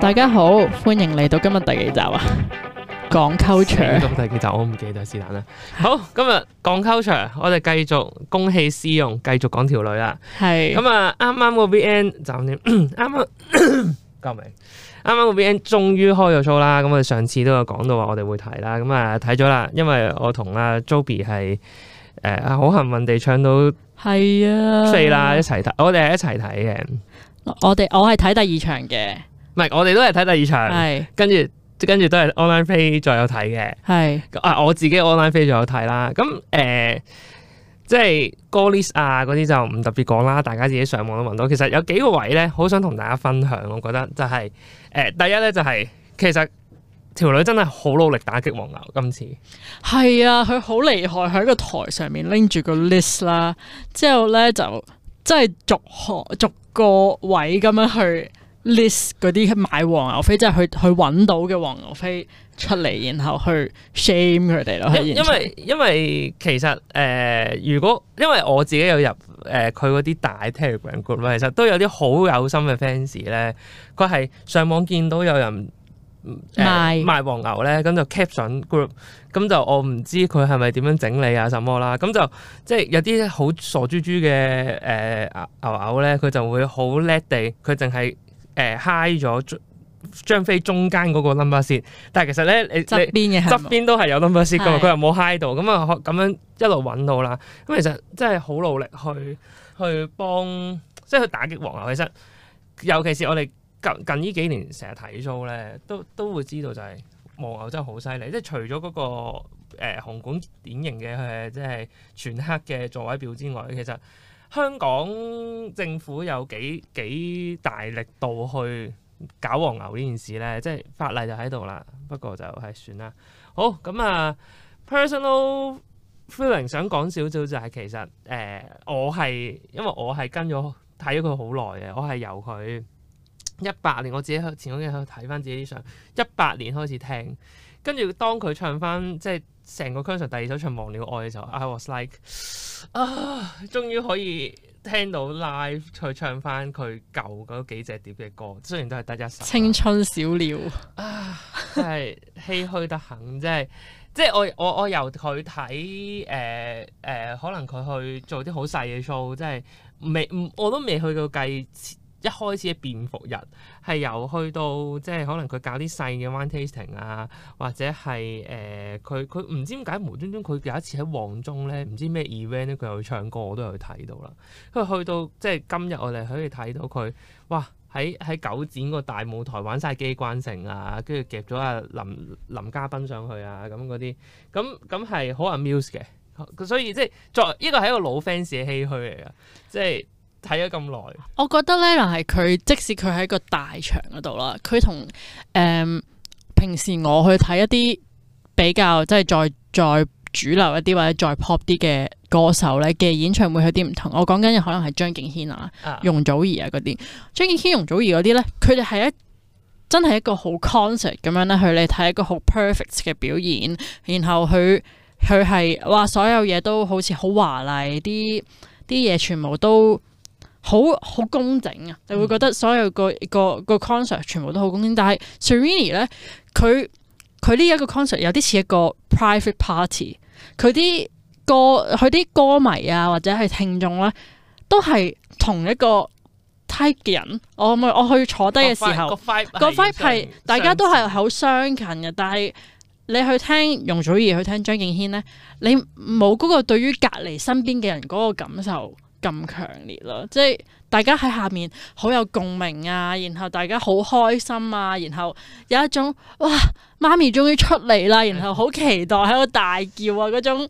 大家好，歡迎嚟到，今日第幾集啊？講溝場第幾集我唔記得是但啦。好，今日講溝場，我哋繼續公器私用，繼續講條女啦。係咁啊，啱啱個 V N 就點？啱啱救命！啱啱個 V N 終於開咗 show 啦。咁我哋上次都有講到話，我哋會睇啦。咁啊睇咗啦，因為我同阿 Zobby 係誒好幸運地唱到係啊四啦，一齊睇。我哋係一齊睇嘅。我哋我係睇第二場嘅。唔係，我哋都係睇第二場，是跟住跟住都係 online 飛再有睇嘅。係是啊，我自己 online 飛再有睇啦。咁誒、呃，即係歌 list 啊嗰啲就唔特別講啦，大家自己上網都搵到。其實有幾個位咧，好想同大家分享，我覺得就係、是、誒、呃，第一咧就係、是、其實條女真係好努力打擊黃牛。今次係啊，佢好厲害，喺個台上面拎住個 list 啦，之後咧就即係逐項逐個位咁樣去。list 嗰啲買黃牛飛，即係去去搵到嘅黃牛飛出嚟，然後去 shame 佢哋咯。因為因為其實誒，如、呃、果因為我自己有入誒佢嗰啲大 Telegram group，其實都有啲好有心嘅 fans 咧。佢係上網見到有人、呃、賣賣黃牛咧，咁就 caption group，咁就我唔知佢係咪點樣整理啊，什麼啦？咁就即係有啲好傻豬豬嘅誒牛牛咧，佢就會好叻地，佢淨係。誒 high 咗張飛中間嗰個 number 線，但係其實咧，你側邊嘅側邊都係有 number 線㗎嘛。佢又冇 high 到，咁啊咁樣一路揾到啦。咁其實真係好努力去去幫，即係去打擊黃牛。其實尤其是我哋近近呢幾年成日睇 show 咧，都都會知道就係、是、黃牛真係好犀利。即係除咗嗰、那個誒、呃、紅館典型嘅，即係全黑嘅座位表之外，其實。香港政府有幾幾大力度去搞黃牛呢件事咧？即係法例就喺度啦，不過就係算啦。好，咁啊，personal feeling 想講少少就係、是、其實誒、呃，我係因為我係跟咗睇咗佢好耐嘅，我係由佢一八年，我自己前嗰幾日去睇翻自己啲相，一八年開始聽，跟住當佢唱翻即係。成個 concert 第二首唱《忘了愛》嘅時候，I was like 啊，終於可以聽到 live 去唱翻佢舊嗰幾隻碟嘅歌，雖然都係得一首《青春小鳥》 啊，真係唏噓得很。真係即係我我我由佢睇誒誒，可能佢去做啲好細嘅 show，即係未唔我都未去到計一開始嘅變服日。係由去到即係可能佢搞啲細嘅 wine tasting 啊，或者係誒佢佢唔知點解無端端佢有一次喺黃忠咧，唔知咩 event 咧，佢又去唱歌，我都有去睇到啦。跟住去到即係今日，我哋可以睇到佢哇，喺喺九展個大舞台玩晒機關城啊，跟住夾咗阿林林嘉賓上去啊，咁嗰啲咁咁係好 amuse 嘅。所以即係作呢個係一個老 fans 嘅唏噓嚟噶，即係。睇咗咁耐，我覺得呢，嗱係佢即使佢喺個大場嗰度啦，佢同誒平時我去睇一啲比較即係再再主流一啲或者再 pop 啲嘅歌手呢嘅演唱會有啲唔同。我講緊嘅可能係張敬軒啊、啊容祖兒啊嗰啲。張敬軒、容祖兒嗰啲呢，佢哋係一真係一個好 concert 咁樣咧佢哋睇一個好 perfect 嘅表演，然後佢佢係哇所有嘢都好似好華麗啲啲嘢全部都。好好工整啊，你會覺得所有個個個，個，個 concert 全部都好工整。但係 Serrini 咧，佢佢呢一個 concert 有啲似一個 private party。佢啲歌佢啲歌迷啊或者係聽眾咧，都係同一個 type 嘅人。我我我去坐低嘅時候，個 vibe 個 vibe 係相大家都係好相近嘅。但係你去聽容祖兒，去聽張敬軒咧，你冇嗰個對於隔籬身邊嘅人嗰個感受。咁強烈咯！即係大家喺下面好有共鳴啊，然後大家好開心啊，然後有一種哇，媽咪終於出嚟啦，然後好期待喺度大叫啊嗰種，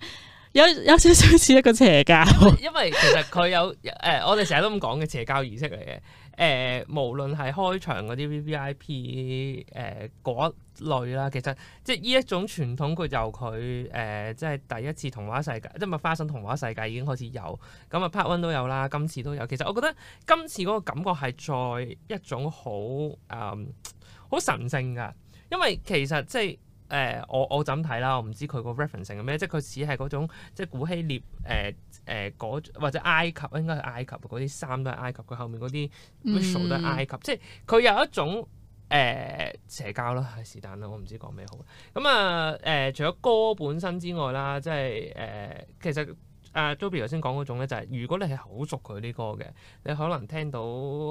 有有少少似一個邪教，因為，因為其實佢有誒、 哎，我哋成日都咁講嘅邪教儀式嚟嘅。誒、呃，無論係開場嗰啲 V V I P 誒、呃、嗰類啦，其實即係呢一種傳統，佢由佢誒、呃、即係第一次童話世界，即係咪花生童話世界已經開始有咁啊？Part one 都有啦，今次都有。其實我覺得今次嗰個感覺係再一種好誒，好、呃、神聖㗎，因為其實即係誒我我咁睇啦？我唔知佢個 reference 係咩，即係佢似係嗰種即係古希臘誒。呃誒、呃、或者埃及應該係埃及，嗰啲衫都係埃及，佢後面嗰啲 m 都係埃及，嗯、即係佢有一種社交、呃、教咯，是但啦，我唔知講咩好。咁啊誒，除咗歌本身之外啦，即係誒、呃，其實阿 Joby 頭先講嗰種咧，就係、是、如果你係好熟佢啲歌嘅，你可能聽到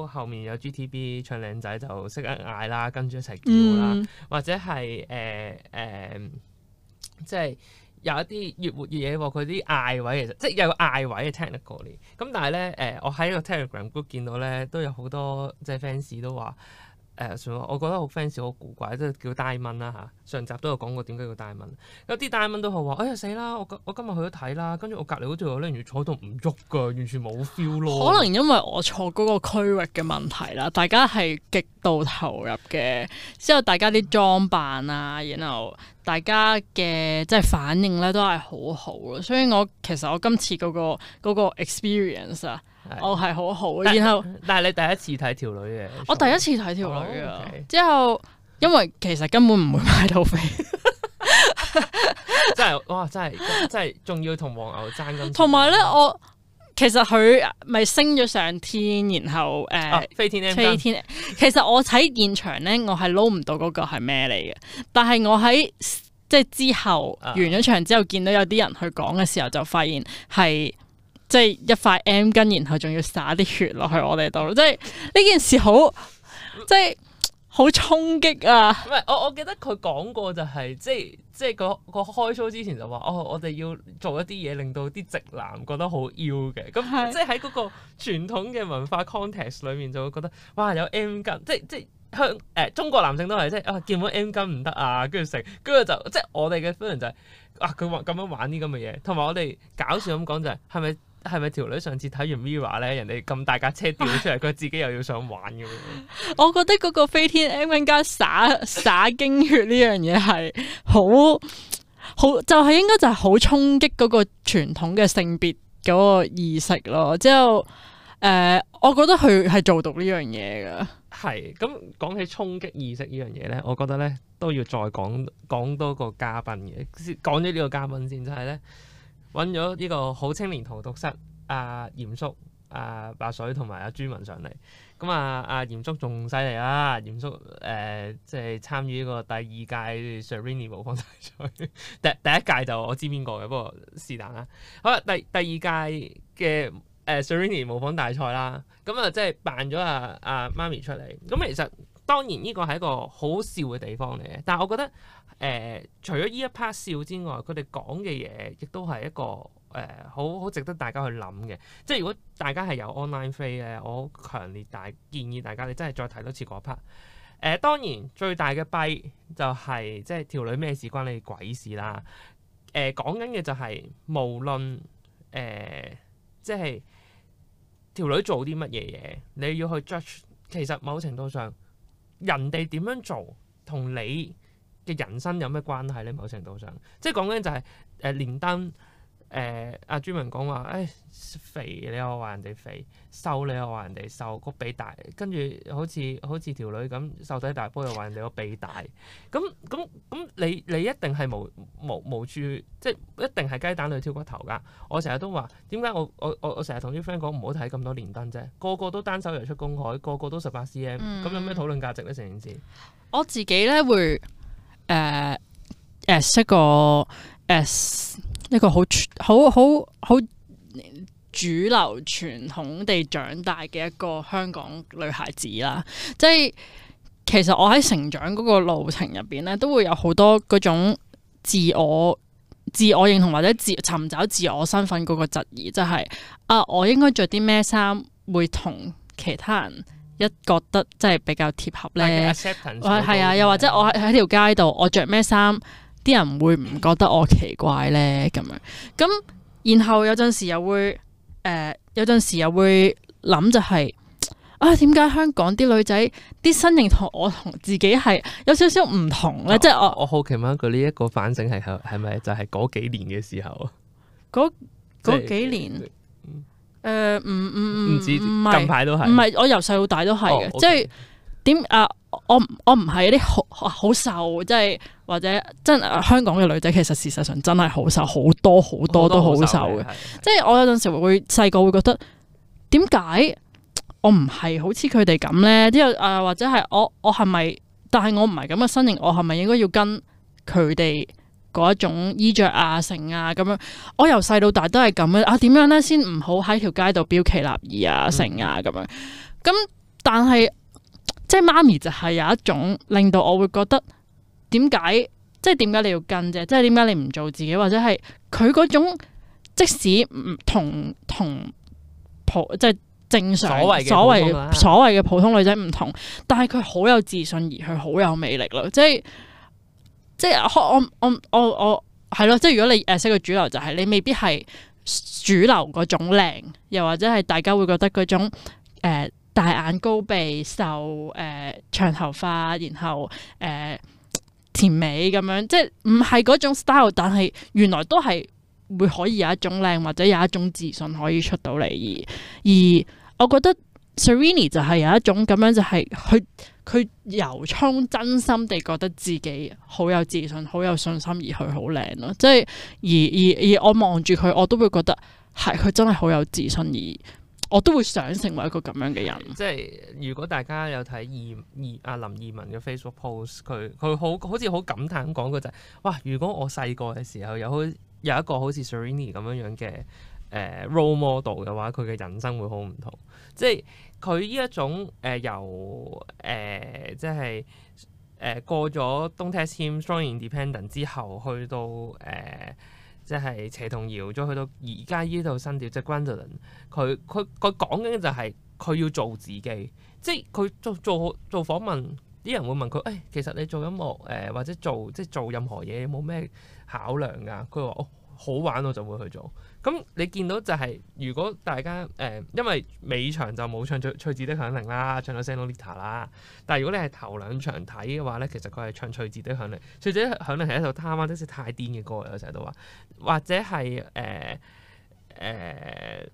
後面有 GTB 唱靚仔就識得嗌啦，跟住一齊叫啦，嗯、或者係誒誒，即係。有一啲越活越嘢喎，佢啲嗌位其實即係又有嗌位嘅 technical 嘅，咁但係咧誒，我喺個 telegram group 見到咧都有好多即係 fans 都話誒、呃，我覺得好 fans 好古怪，即係叫 d i a 啦嚇。上集都有講過點解叫 d i a 有啲 d i a 都係話：哎呀死啦！我我今日去咗睇啦，跟住我隔離嗰度我咧要坐到唔喐㗎，完全冇 feel 咯。可能因為我坐嗰個區域嘅問題啦，大家係極度投入嘅，之後大家啲裝扮啊，然後。大家嘅即係反應咧都係好好咯，所以我其實我今次嗰個嗰個 experience 啊，我係好好。但然後但係你第一次睇條女嘅，我第一次睇條女啊！哦 okay、之後因為其實根本唔會買到飛， 真係哇！真係真係仲要同黃牛爭咁。同埋咧我。其實佢咪升咗上天，然後誒，飛、呃、天飛天，其實我睇現場咧， 我係撈唔到嗰個係咩嚟嘅。但係我喺即係之後完咗場之後，見到有啲人去講嘅時候，就發現係即係一塊 M 巾，然後仲要灑啲血落去我哋度，即係呢件事好即係。好衝擊啊！唔係我，我記得佢講過就係、是、即係即係個個開 show 之前就話哦，我哋要做一啲嘢，令到啲直男覺得好妖嘅咁，是即係喺嗰個傳統嘅文化 context 裏面就會覺得哇有 M 巾，即即香誒中國男性都係即啊見到 M 巾唔得啊，跟住成跟住就即係我哋嘅 feel 就係、是、啊佢話咁樣玩啲咁嘅嘢，同埋我哋搞笑咁講就係係咪？嗯是係咪條女上次睇完 Mirror 咧，人哋咁大架車掉出嚟，佢、啊、自己又要想玩嘅、就是呃？我覺得嗰個飛天 M 巾加灑灑經血呢樣嘢係好好，就係應該就係好衝擊嗰個傳統嘅性別嗰個意識咯。之後誒，我覺得佢係做到呢樣嘢噶。係咁講起衝擊意識呢樣嘢咧，我覺得咧都要再講講多個嘉賓嘅先。講咗呢個嘉賓先，就係、是、咧。揾咗呢個好青年荼毒室阿鹽叔阿、啊、白水同埋阿豬文上嚟，咁啊啊鹽叔仲犀利啦，鹽、啊、叔誒即係參與呢個第二屆 Serrini 模仿大賽，第第一屆就我知邊個嘅，不過是但啦。好、哦、啦，第第二屆嘅誒 Serrini 模仿大賽啦，咁啊即係、就是、扮咗阿阿媽咪出嚟，咁、啊、其實當然呢個係一個好笑嘅地方嚟嘅，但係我覺得。誒、呃，除咗呢一 part 笑之外，佢哋講嘅嘢亦都係一個誒，好、呃、好值得大家去諗嘅。即係如果大家係有 online fee 咧，我強烈大建議大家你真係再睇多次嗰 part。誒、呃，當然最大嘅弊就係、是、即係條、這個、女咩事關你鬼事啦。誒、呃，講緊嘅就係無論誒、呃，即係條、這個、女做啲乜嘢嘢，你要去 judge。其實某程度上，人哋點樣做同你嘅人生有咩關係咧？某程度上，即係講緊就係誒連登誒阿朱文講話，誒、呃啊、肥你又話人哋肥，瘦你又話人哋瘦，個鼻大，跟住好似好似條女咁瘦底大波又話人哋個鼻大，咁咁咁你你一定係無無無處，即係一定係雞蛋裏挑骨頭㗎。我成日都話點解我我我我成日同啲 friend 講唔好睇咁多連登啫，個個都單手游出公海，個個都十八 CM，咁有咩討論價值咧？成件事、嗯、我自己咧會。誒誒，as 一個、uh, as 一個好好好好主流傳統地長大嘅一個香港女孩子啦，即係其實我喺成長嗰個路程入邊咧，都會有好多嗰種自我自我認同或者自尋找自我身份嗰個質疑，就係啊，我應該着啲咩衫會同其他人？一覺得即係比較貼合咧，係啊，又或者我喺喺條街度，我着咩衫，啲人會唔覺得我奇怪咧咁樣？咁然後有陣時又會，誒、呃、有陣時又會諗就係、是，啊點解香港啲女仔啲身形同我同自己係有少少唔同咧？啊、即係我我好奇問佢呢一個反省係係咪就係嗰幾年嘅時候啊？嗰嗰幾年。誒，唔唔唔，唔、嗯、知、嗯嗯、近排都係，唔係我由細到大都係嘅，哦 okay、即係點啊？我我唔係一啲好好瘦，即係或者真誒、啊，香港嘅女仔其實事實上真係好瘦，好多好多都好瘦嘅。瘦即係我有陣時會細個會覺得，點解我唔係好似佢哋咁咧？之後誒，或者係我我係咪？但係我唔係咁嘅身形，我係咪應該要跟佢哋？嗰一種衣着啊、成啊咁樣，我由細到大都係咁樣啊。點樣咧先唔好喺條街度標奇立異啊、成啊咁樣。咁但係即係媽咪就係有一種令到我會覺得，點解即係點解你要跟啫？即係點解你唔做自己或者係佢嗰種，即使唔同同普即係正常所謂所謂所謂嘅普通女仔唔同，但係佢好有自信而佢好有魅力咯，即係。即係我我我我我係咯，即係如果你誒識嘅主流就係、是、你未必係主流嗰種靚，又或者係大家會覺得嗰種誒、呃、大眼高鼻瘦誒、呃、長頭髮，然後誒、呃、甜美咁樣，即係唔係嗰種 style，但係原來都係會可以有一種靚或者有一種自信可以出到嚟，而而我覺得 Serenity 就係有一種咁樣，就係佢。佢由衷真心地覺得自己好有自信、好有信心，而佢好靚咯。即係而而而我望住佢，我都會覺得係佢真係好有自信，而我都會想成為一個咁樣嘅人。即係如果大家有睇二二阿林二汶嘅 Facebook post，佢佢好好似好感嘆講過就係：哇！如果我細個嘅時候有好有一個好似 Serrini 咁樣樣嘅、呃、role model 嘅話，佢嘅人生會好唔同。即係。佢呢一種誒由誒即係誒、呃、過咗 Don't Test Him Strong Independent 之後，去到誒、呃、即係斜同搖，再去到而家呢度新調即係 Grundon。佢佢佢講緊嘅就係佢要做自己，即係佢做做做訪問，啲人會問佢誒、哎，其實你做音樂誒、呃、或者做即係做任何嘢冇咩考量㗎？佢話我好玩我就會去做。咁你見到就係，如果大家誒、呃，因為尾場就冇唱《翠翠子的響鈴》啦，唱咗《Santa Lita》啦。但係如果你係頭兩場睇嘅話咧，其實佢係唱《翠子的響鈴》。《翠子的響鈴》係一首他媽的，就是太癲嘅歌，我成日都話。或者係誒誒，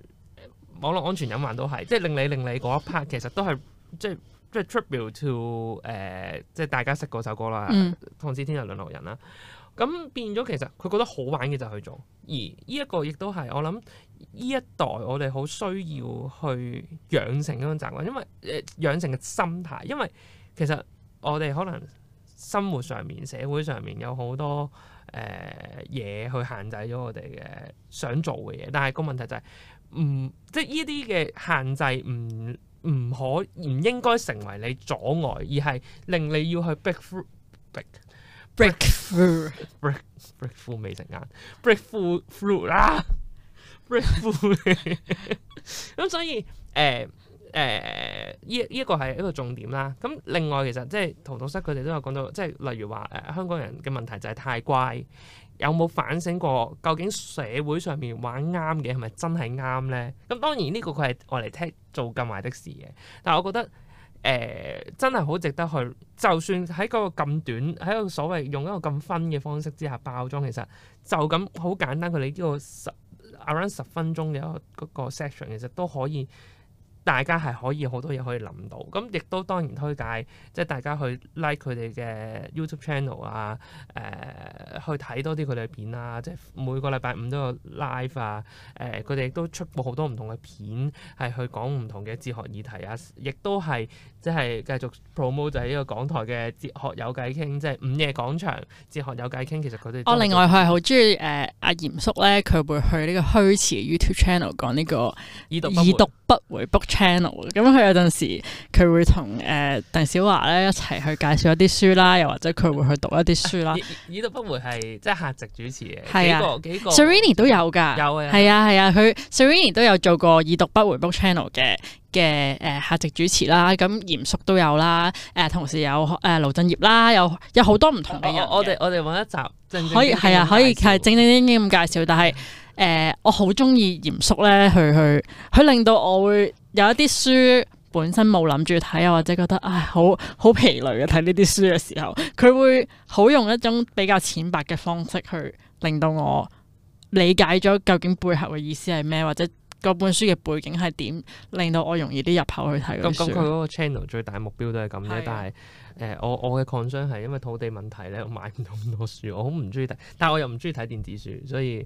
網絡安全隱患都係，即係令你令你嗰一 part 其實都係，即係即係 tribute to 誒，即係大家識嗰首歌啦。同是天涯兩,兩路人啦。咁變咗其實佢覺得好玩嘅就去做，而呢一個亦都係我諗呢一代我哋好需要去養成嗰種習慣，因為誒、呃、養成嘅心態，因為其實我哋可能生活上面、社會上面有好多誒嘢、呃、去限制咗我哋嘅想做嘅嘢，但係個問題就係、是、唔即係呢啲嘅限制唔唔可唔應該成為你阻礙，而係令你要去逼。逼 break food，break break food 美食眼，break food food 啦，break food，咁、 嗯、所以誒誒呢呢一個係一個重點啦。咁、嗯、另外其實即係陶洞室佢哋都有講到，即係例如話誒、呃、香港人嘅問題就係太乖，有冇反省過究竟社會上面玩啱嘅係咪真係啱咧？咁、嗯、當然呢個佢係我嚟聽做咁壞的事嘅，但係我覺得。誒、嗯、真係好值得去，就算喺嗰個咁短，喺個所謂用一個咁分嘅方式之下包裝，其實就咁好簡單。佢哋呢個十 around 十分鐘嘅一個嗰、嗰個 section，其實都可以。大家係可以好多嘢可以諗到，咁亦都當然推介，即係大家去 like 佢哋嘅 YouTube channel 啊，誒、呃，去睇多啲佢哋嘅片啊，即係每個禮拜五都有 live 啊，誒、呃，佢哋亦都出過好多唔同嘅片，係去講唔同嘅哲學議題啊，亦都係即係繼續 promote 喺呢個港台嘅哲學有偈傾，即係五夜講場哲學有偈傾。其實佢哋我另外佢係好中意誒阿嚴叔咧，佢會去呢個虛詞 YouTube channel 講呢、這個異讀不回 book channel 咁佢有陣時佢會同誒、呃、鄧小樺咧一齊去介紹一啲書啦，又或者佢會去讀一啲書啦。已讀不回係即係客席主持嘅，係啊，幾個 Serrini 都有㗎，有啊，係啊，係啊，佢 Serrini 都有做過已讀不回 Book Channel 嘅嘅誒客席主持啦。咁嚴叔都有啦，誒同時有誒盧振業啦，有有好多唔同嘅人。啊、我哋我哋揾一集可以係啊，可以係整整啲咁介紹，但係誒我好中意嚴叔咧，佢去，佢令到我會。有一啲書本身冇諗住睇啊，或者覺得唉好好疲累嘅睇呢啲書嘅時候，佢會好用一種比較淺白嘅方式去令到我理解咗究竟背後嘅意思係咩，或者嗰本書嘅背景係點，令到我容易啲入口去睇。咁佢嗰個 channel 最大目標都係咁嘅。的但係誒、呃、我我嘅 concern 係因為土地問題咧，我買唔到咁多書，我好唔中意睇，但係我又唔中意睇電子書，所以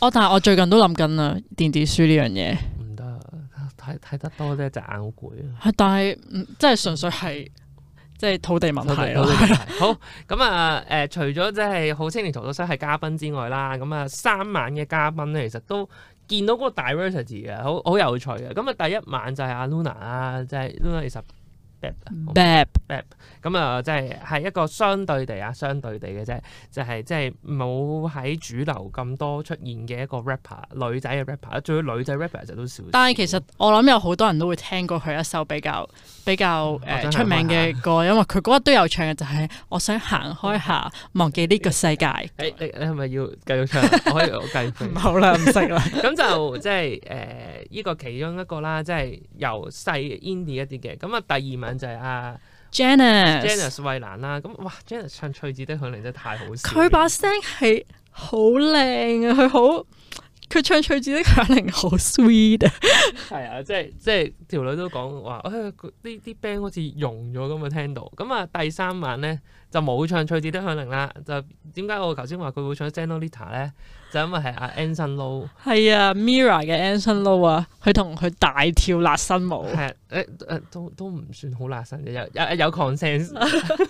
我但係我最近都諗緊啦電子書呢樣嘢。睇睇得多啫，隻眼好攰啊！但係即係純粹係即係土地問題咯。題 好咁啊，誒、呃，除咗即係好青年陶土生係嘉賓之外啦，咁啊三晚嘅嘉賓咧，其實都見到嗰個 diversity 嘅，好好有趣嘅。咁啊第一晚就係阿 Luna 啊，即係 Luna 其實。b a b 咁啊，即係係一個相對地啊，相對地嘅啫，就係即係冇喺主流咁多出現嘅一個 rapper 女仔嘅 rapper，最女仔 rapper 就都少。但係其實我諗有好多人都會聽過佢一首比較比較誒出名嘅歌，因為佢嗰日都有唱嘅，就係、是、我想行開下，忘記呢個世界。 你你係咪要繼續唱？ 我可以我繼續。唔好啦，唔識啦。咁 就即係誒呢個其中一個啦，即係由細 indie 一啲嘅。咁啊，第二名。就係啊 Janice Janice 衛蘭啦，咁哇 Janice 唱《趣子的響鈴》真係太好笑，笑，佢把聲係好靚啊，佢好，佢唱《趣子的響鈴》好 sweet 啊，係 啊，即係即係條 女都講話，哎，呢啲 band 好似融咗咁啊，聽到，咁啊第三晚咧就冇唱《趣子的響鈴》啦，就點解我頭先話佢會唱《Senorita》咧？呢就因為係阿 Anson Lo，係啊，Mira 嘅 Anson Lo 啊，佢同佢大跳辣身舞，係誒誒都都唔算好辣身嘅，有有有 consen s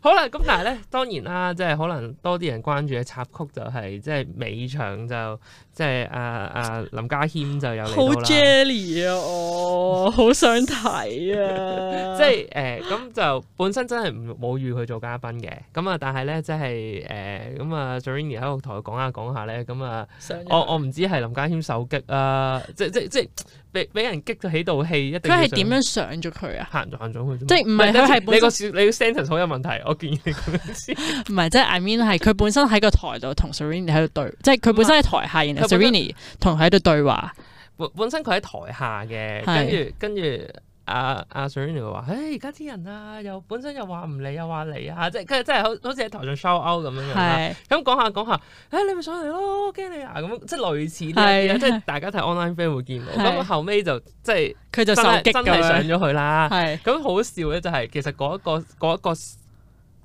好啦、啊，咁但係咧，當然啦、啊，即、就、係、是、可能多啲人關注嘅插曲就係即係尾場就。即係啊啊林家謙就有好 jelly 啊，我好 想睇啊 即！即係誒咁就本身真係唔冇預佢做嘉賓嘅，咁啊但係咧即係誒咁啊 Serenity 喺個台講下講下咧，咁啊我我唔知係林家謙受激啊，即即即俾俾人激到起道氣一定。定佢係點樣上咗佢啊？行咗行咗佢。走走即唔係，佢係你個你個 sentence 好有問題，我建議你咁樣先。唔係， 即係，I mean 係佢本身喺個台度同 Serenity 喺度對，即係佢本身喺台下 Sarini 同佢喺度對話，本本身佢喺台下嘅是，跟住跟住阿阿 Sarini 話，誒而家啲人啊，又本身又話唔理又話理啊，即係佢真係好好似喺台上 show out 咁樣樣啦。咁講是下講下，誒、哎、你咪上嚟咯，驚你啊！咁即係類似啲嘢，是即係大家睇 online fan 會見到。咁是後尾就即係佢就受擊咁樣上咗去啦。咁好笑咧，就係、是、其實一、嗰個嗰一個。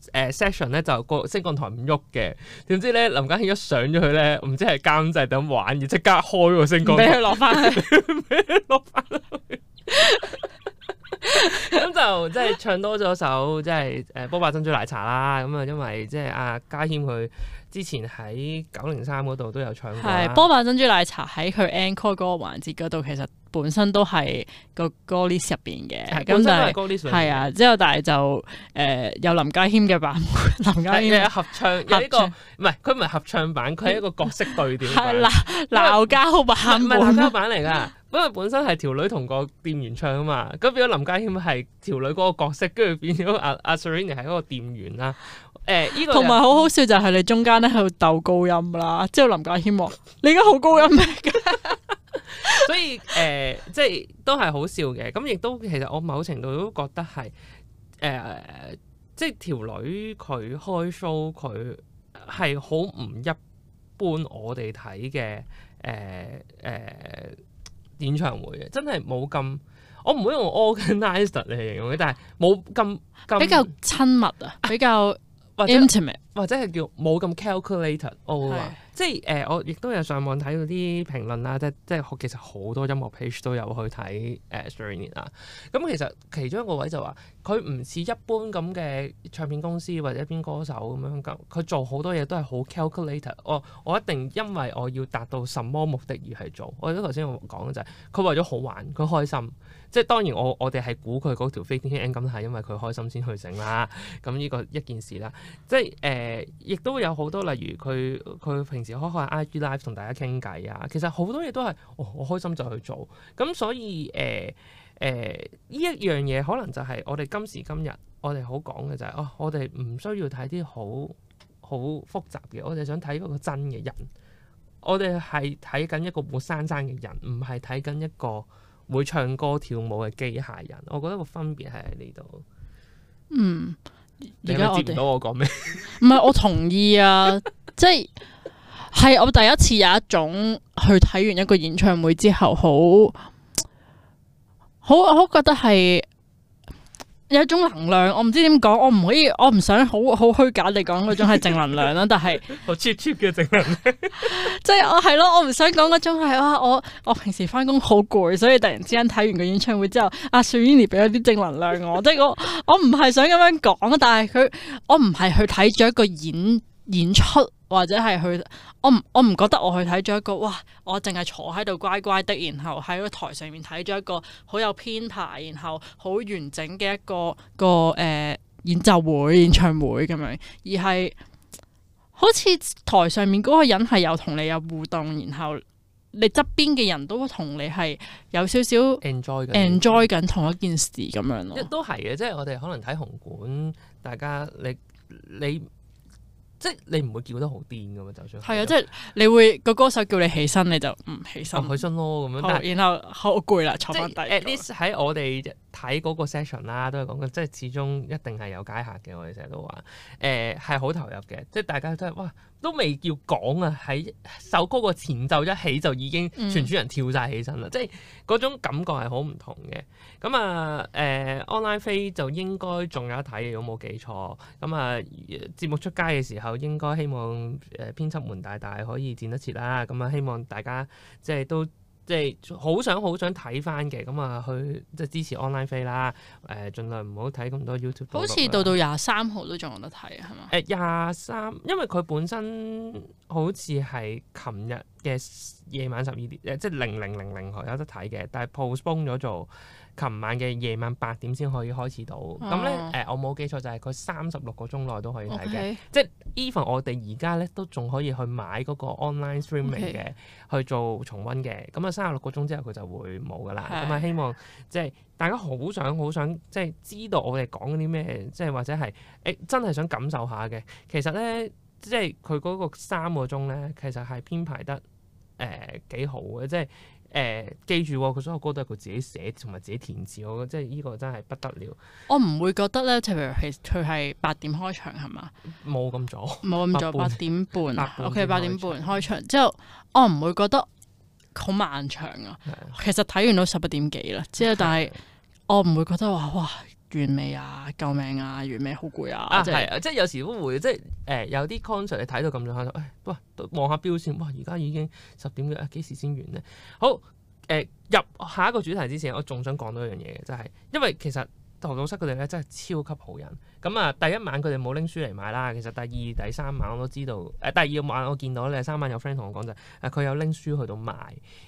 誒、呃、，section 咧就個升降台唔喐嘅，點知咧林家謙一上咗去咧，唔知係監製定玩而即刻開個升降台，俾佢落翻去，俾佢落翻去。咁就即、是、係唱多咗首，即係誒波霸珍珠奶茶啦。咁啊，因為即係阿家謙佢之前喺九零三嗰度都有唱過、啊。係波霸珍珠奶茶喺佢 encore 嗰個環節嗰度，其實。本身都係個歌 list 入邊嘅，咁就係啊，之後但係就誒有林家謙嘅版本，林家謙嘅合唱有呢合作、這個唔係佢，唔係合唱版，佢係一個角色對調鬧鬧交版，唔係鬧交版嚟㗎， 不本因為本，本身係條女同個店員唱啊嘛，咁變咗林家謙係條女嗰個角色，跟住變咗阿阿 Serenity 係嗰個店員啦，誒、這、呢個同埋好好笑就係你中間咧喺度鬥高音啦，之後林家謙話：你而家好高音咩？ 所以誒、呃，即係都係好笑嘅，咁亦都其實我某程度都覺得係誒、呃，即係條女佢開 show 佢係好唔一般我，我哋睇嘅誒誒演唱會嘅，真係冇咁，我唔會用 organized 嚟形容嘅，但係冇咁咁比較親密啊，比較 intimate 或者係叫冇咁 calculated，我會話。即係誒、呃，我亦都有上網睇嗰啲評論啦，即係即係其實好多音樂 page 都有去睇誒、呃，去年啊，咁其實其中一個位就話、是。佢唔似一般咁嘅唱片公司或者一啲歌手咁樣咁，佢做好多嘢都係好 calculated。我一定因為我要達到什麼目的而去做。我覺得頭先我講嘅就係、是、佢為咗好玩，佢開心。即係當然我我哋係估佢嗰條飛天 engine 係因為佢開心先去整啦。咁、這、呢個一件事啦。即係誒，亦、呃、都有好多例如佢佢平時開開 IG Live 同大家傾偈啊。其實好多嘢都係我、哦、我開心就去做。咁所以誒。呃誒、呢、呃、一樣嘢可能就係我哋今時今日，我哋好講嘅就係、是、哦，我哋唔需要睇啲好好複雜嘅，我哋想睇嗰個真嘅人。我哋係睇緊一個活生生嘅人，唔係睇緊一個會唱歌跳舞嘅機械人。我覺得個分別係喺呢度。嗯，而家我你係接唔到我講咩？唔係 我同意啊， 即係係我第一次有一種去睇完一個演唱會之後好。好，我好覺得係有一種能量，我唔知點講，我唔可以，我唔想好好虛假地講嗰種係正能量啦。但係好 cheap cheap 嘅正能量，即 係我係咯，我唔想講嗰種係啊！我我平時翻工好攰，所以突然之間睇完個演唱會之後，阿 Sunny 俾咗啲正能量我，即係 我我唔係想咁樣講，但係佢我唔係去睇咗一個演演出。或者係去我唔我唔覺得我去睇咗一個哇！我淨係坐喺度乖乖的，然後喺個台上面睇咗一個好有編排，然後好完整嘅一個一個誒、呃、演奏會、演唱會咁樣，而係好似台上面嗰個人係有同你有互動，然後你側邊嘅人都同你係有少少 enjoy 嘅 enjoy 緊同一件事咁樣咯。都係嘅，即係我哋可能睇紅館，大家你你。你即係你唔會叫得好癲㗎嘛，就算。係啊，即係你會個歌手叫你起身，你就唔起身。唔起身咯，咁樣。好，然後好攰啦，坐返低。誒，呢喺我哋，睇嗰個 session 啦，都係講緊，即係始終一定係有街客嘅。我哋成日都話，誒係好投入嘅，即係大家都係哇，都未要講啊，喺首歌個前奏一起就已經全場人跳晒起身啦，嗯、即係嗰種感覺係好唔同嘅。咁啊誒 online 飛就應該仲有一睇嘅，有冇記錯。咁啊節目出街嘅時候，應該希望誒、呃、編輯們大大可以剪得切啦。咁、嗯、啊、呃、希望大家即係都。即係好想好想睇翻嘅，咁啊去即係支持 online 飛啦，誒、呃、盡量唔好睇咁多 YouTube。好似到到廿三號都仲有得睇係嘛？誒廿三，呃、23，因為佢本身好似係琴日嘅夜晚十二點，誒即係零零零零號有得睇嘅，但係 postpone 咗做。琴晚嘅夜晚八點先可以開始到，咁咧誒，我冇記錯就係佢三十六個鐘內都可以睇嘅，即係 even 我哋而家咧都仲可以去買嗰個 online streaming 嘅去做重溫嘅，咁啊三十六個鐘之後佢就會冇噶啦，咁啊希望即係大家好想好想即係知道我哋講啲咩，即係或者係誒真係想感受下嘅，其實咧即係佢嗰個三個鐘咧，其實係編排得誒幾好嘅，即係。誒、呃、記住、哦，佢所有歌都係佢自己寫同埋自己填字。我覺得即係呢個真係不得了。我唔會覺得咧，譬如佢係八點開場係嘛？冇咁早，冇咁早八點半。O K，八點半開場之後，我唔會覺得好漫長啊。的其實睇完都十一點幾啦。之後的但係我唔會覺得話哇。完未啊？救命啊！完未好、啊，好攰啊！啊，係啊，即係有時都會即係誒有啲 control 你睇到咁上下就誒，哇！望下標先。哇！而家已經十點幾啊，幾時先完咧？好誒、呃，入下一個主題之前，我仲想講多一樣嘢嘅，就係、是、因為其實。唐老師佢哋咧真係超級好人，咁啊第一晚佢哋冇拎書嚟賣啦，其實第二、第三晚我都知道，誒第二晚我見到咧，第三晚有 friend 同我講就係佢有拎書去到賣，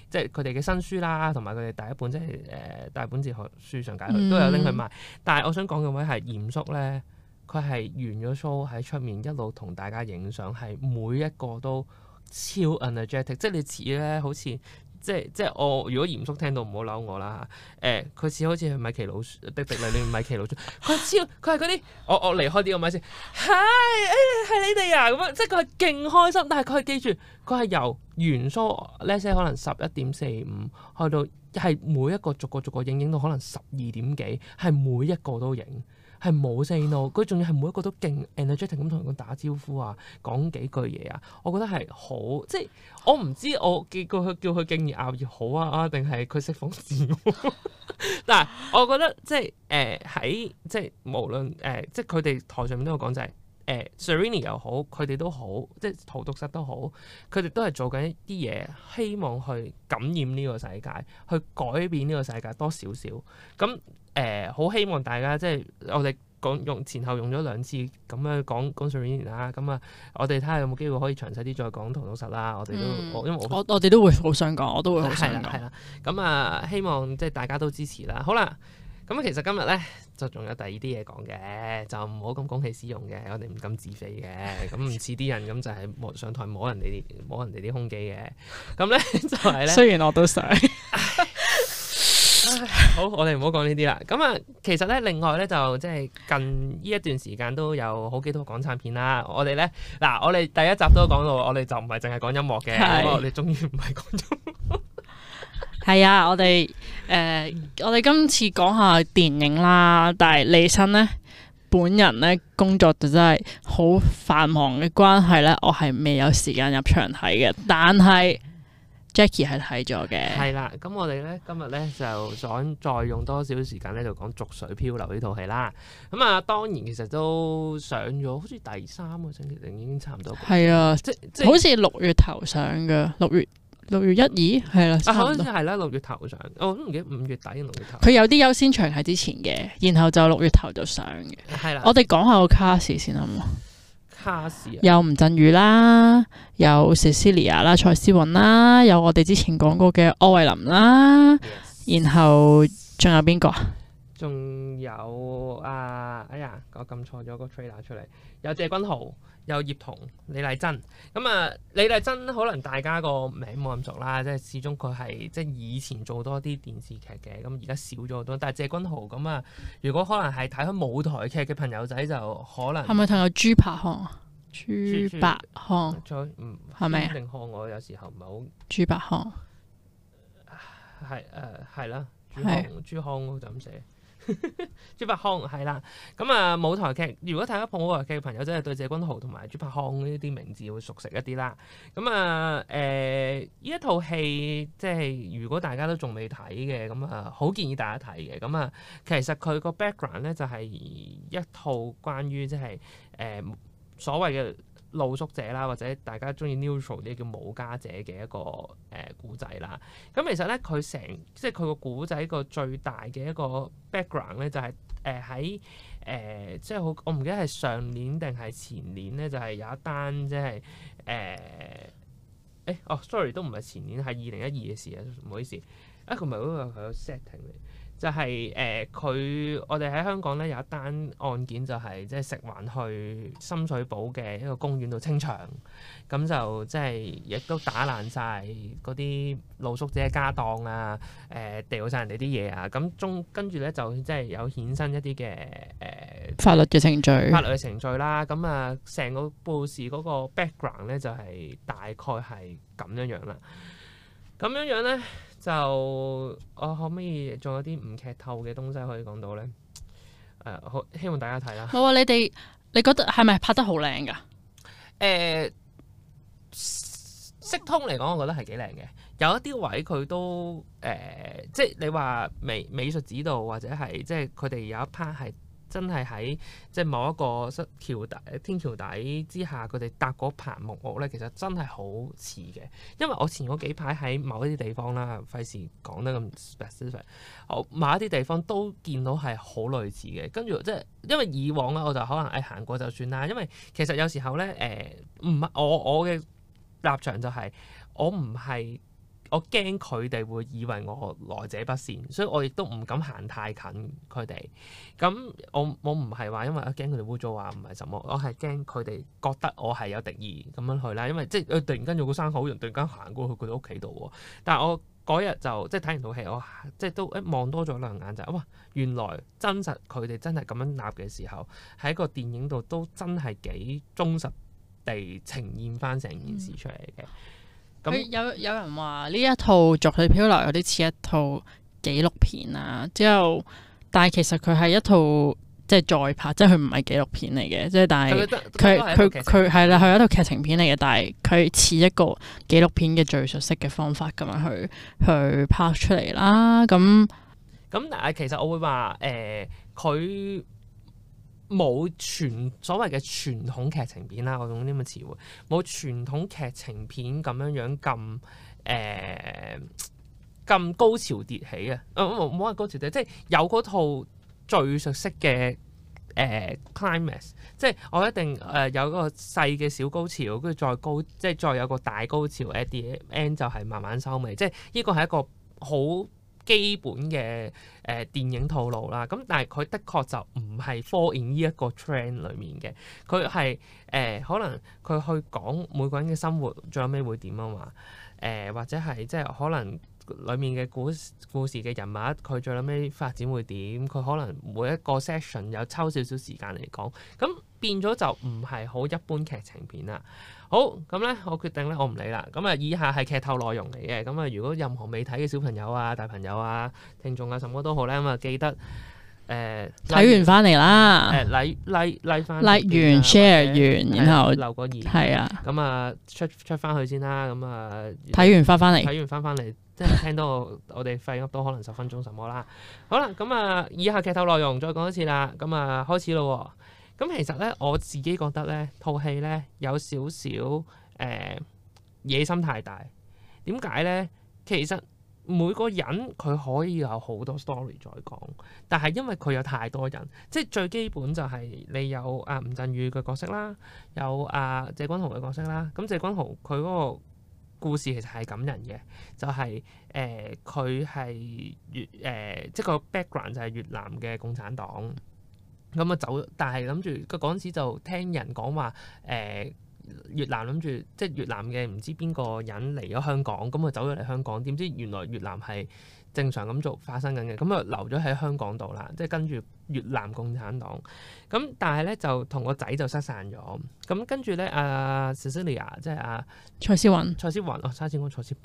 即係佢哋嘅新書啦，同埋佢哋第一本即係誒大本哲學書上架，佢都有拎去賣。但係我想講嘅位係嚴叔咧，佢係完咗 show 喺出面一路同大家影相，係每一個都超 energetic，即係你似咧好似。即係即係我如果嚴肅聽到唔好鬧我啦嚇，誒佢似好似係米奇老鼠，滴滴嚟米奇老鼠，佢 超佢係嗰啲， 我我離開啲我咪先，係誒係你哋啊咁啊，即係佢係勁開心，但係佢係記住佢係由元蘇那些可能十一點四五去到係每一個逐個逐個影影到可能十二點幾，係每一個都影。係冇 say no，佢仲要係每一個都勁 energetic 咁同人講打招呼啊，講幾句嘢啊，我覺得係好，即係我唔知我叫佢叫佢敬業樂業好啊，定係佢識諷刺。但係，我覺得即係誒喺即係無論誒、呃，即係佢哋台上面都有講就係。誒 Sireni 又好，佢哋都好，即係陶毒實都好，佢哋都係做緊一啲嘢，希望去感染呢個世界，去改變呢個世界多少少。咁、嗯、誒，好希望大家即係我哋講用前後用咗兩次咁樣講講 s i r e n、嗯、i 啦。咁啊，我哋睇下有冇機會可以詳細啲再講陶毒實啦。我哋都我因為我我哋都會好想講，我都會好想講。係啦，係啦。咁、嗯、啊，希望即係大家都支持啦。嗯、好啦。咁其實今日咧就仲有第二啲嘢講嘅，就唔好咁公器私用嘅，我哋唔敢自肥嘅，咁唔似啲人咁就係、是、上台摸人哋啲摸人哋啲胸肌嘅。咁咧就係、是、咧， 雖然我都想 唉，好，我哋唔好講呢啲啦。咁啊，其實咧，另外咧，就即係近呢一段時間都有好幾套港產片啦。我哋咧嗱，我哋第一集都講到，我哋就唔係淨係講音樂嘅，是我哋終於唔係講。 係啊，我哋、誒、呃，我哋今次講下電影啦。但係李生咧，本人咧工作就真係好繁忙嘅關係咧，我係未有時間入場睇嘅。但係 Jackie 係睇咗嘅。係啦，咁我哋咧今日咧就想再用多少時間咧，就講《濁水漂流》呢套戲啦。咁啊，當然其實都上咗，好似第三個星期定已經差唔多。係啊的，即係好似六月頭上嘅，六月。六月一二係啦，好似係啦，六、啊、月頭上。哦、我都唔記得五月底六月頭。佢有啲優先場係之前嘅，然後就六月頭就上嘅。係啦了，我哋講下個卡士先好唔好？ 卡士、啊、s 有吳鎮宇啦，有 Cecilia 啦，蔡思韻啦，有我哋之前講過嘅柯偉林啦，Yes. 然後仲有邊個？仲有啊，哎呀，我撳錯咗個 trailer 出嚟。有謝君豪，有葉童、李麗珍。咁啊，李麗珍可能大家個名冇咁熟啦，即係始終佢係即係以前做多啲電視劇嘅，咁而家少咗好多。但係謝君豪咁啊，如果可能係睇開舞台劇嘅朋友仔就可能係咪睇個朱柏康朱柏康，唔，係咪？朱定康我有時候唔係好。朱柏康係誒，係啦，朱康，朱康就咁寫。朱柏康係啦，咁、嗯、啊舞台劇，如果睇過碰舞台劇嘅朋友，真係對謝君豪同埋朱柏康呢啲名字會熟悉一啲啦。咁、嗯、啊，誒、呃，呢一套戲即係如果大家都仲未睇嘅，咁、嗯、啊，好建議大家睇嘅。咁、嗯、啊，其實佢個 background 咧，就係一套關於即係誒、呃、所謂嘅。露宿者啦，或者大家中意 neutral 啲叫冇家者嘅一個誒古仔啦。咁、嗯、其實咧，佢成即係佢個古仔個最大嘅一個 background 咧、就係呃呃，就係誒喺誒即係好我唔記得係上年定係前年咧，就係有一單即係誒誒哦，sorry 都唔係前年，係二零一二嘅事啊，唔好意思啊，佢咪係嗰個 setting 嚟。就係、是、誒，佢、呃、我哋喺香港咧有一單案件、就是，就係即係食環去深水埗嘅一個公園度清場，咁就即係亦都打爛晒嗰啲露宿者家當啊，誒、呃、掉晒人哋啲嘢啊，咁中跟住咧就即係有衍生一啲嘅誒法律嘅程序，法律嘅程序啦，咁啊成個報時嗰個 background 咧就係、是、大概係咁樣樣啦，咁樣樣咧。就我可唔可以做一啲唔劇透嘅東西可以講到咧？誒、啊，好希望大家睇啦。好啊，你哋，你覺得係咪拍得好靚㗎？誒、欸，色通嚟講，我覺得係幾靚嘅。有一啲位佢都誒、欸，即係你話美美術指導或者係即係佢哋有一 part 係。真係喺即係某一個橋底天橋底之下，佢哋搭嗰排木屋咧，其實真係好似嘅。因為我前嗰幾排喺某一啲地方啦，費事講得咁 specific，我某一啲地方都見到係好類似嘅。跟住即係因為以往咧，我就可能誒行過就算啦。因為其實有時候咧誒唔係我我嘅立場就係我唔係。我驚佢哋會以為我來者不善，所以我亦都唔敢行太近佢哋。咁我我唔係話因為啊驚佢哋污糟啊，唔係什麼，我係驚佢哋覺得我係有敵意咁樣去啦。因為即係突然間有個生口，人、呃，突然間行過去佢哋屋企度喎。但係我嗰日就即係睇完套戲，我即係都一望、欸、多咗兩眼就哇，原來真實佢哋真係咁樣立嘅時候，喺個電影度都真係幾忠實地呈現翻成件事出嚟嘅。嗯嗯、有有人話呢一套《逐水漂流》有啲似一套紀錄片啊，之後但係其實佢係一套即係再拍，即係佢唔係紀錄片嚟嘅，即係但係佢佢佢係啦，係 一套劇情片嚟嘅，但係佢似一個紀錄片嘅敘述式嘅方法咁樣去去拍出嚟啦。咁、嗯、咁但係其實我會話誒，佢、呃。冇傳所謂嘅傳統劇情片啦，嗰種啲咁嘅詞彙，冇傳統劇情片咁樣樣咁誒咁高潮迭起啊！唔好話高潮迭，即係有嗰套最熟悉嘅誒、呃、climax，即係我一定誒、呃、有嗰個細嘅小高潮，跟住再高，即係再有個大高潮 at the end 就係慢慢收尾，即係呢個係一個好基本嘅誒、呃、電影套路啦，咁但係佢的確就唔係 fall in 依一個 trend 裡面嘅，佢係誒可能佢去講每個人嘅生活最後尾會點啊嘛，誒、呃、或者係即係可能裡面嘅故故事嘅人物佢最後尾發展會點，佢可能每一個 session 有抽少少時間嚟講，咁變咗就唔係好一般劇情片啦。好咁咧，我決定咧，我唔理啦。咁啊，以下係劇透內容嚟嘅。咁啊，如果任何未睇嘅小朋友啊、大朋友啊、聽眾啊，什麼都好咧，咁啊，記得誒睇、呃、完翻嚟啦。誒 like 翻 like 完 share 完，完者然後留個言。係啊的，咁啊、嗯、出出翻去先啦。咁啊睇完翻翻嚟，睇完翻翻嚟，即係聽到我 我哋廢噏都可能十分鐘什麼啦。好啦，咁、嗯、啊，以下劇透內容再講一次啦。咁啊，開始咯。咁其實咧，我自己覺得咧，套戲咧有少少誒野心太大。點解咧？其實每個人佢可以有好多 story 在講，但係因為佢有太多人，即係最基本就係你有阿吳鎮宇嘅角色啦，有阿、啊、謝君豪嘅角色啦。咁謝君豪佢嗰個故事其實係感人嘅，就係誒佢係越誒即係個 background 就係越南嘅共產黨。咁啊走，但係諗住佢嗰陣時就聽人講話，誒、呃、越南諗住即係越南嘅唔知邊個人嚟咗香港，咁啊走咗嚟香港，點知原來越南係。正常咁做發生緊嘅，咁啊留咗喺香港度啦，即係跟住越南共產黨。咁但係咧就同個仔就失散咗。咁跟住咧，阿、啊、Cecilia 即係、啊、阿蔡思雲、哦，蔡思雲哦，差錢工蔡思，